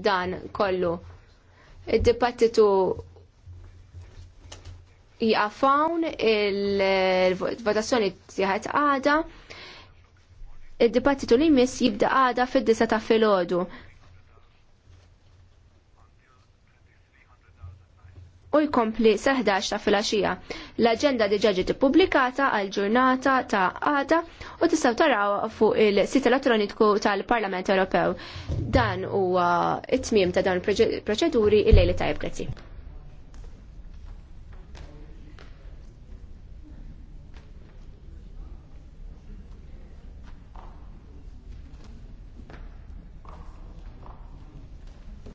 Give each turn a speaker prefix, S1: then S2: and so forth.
S1: dan kollu. Id-dibattitu jgħafawn il-votazzjoni tiħat għada. Id-dibattitu li jmiss jibda għada fid-disa ta' filgħodu. u jkompli seħdax ta' filgħaxija. L-aġenda diġà ġiet ippubblikata għal ġurnata ta' għada u tistgħu taraw fuq il-sit elettroniku tal-Parlament Ewropew. Dan huwa t tmiem ta' dawn il-proċeduri il-lejli tajb grazzi.